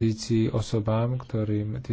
pozícii osobám, ktorým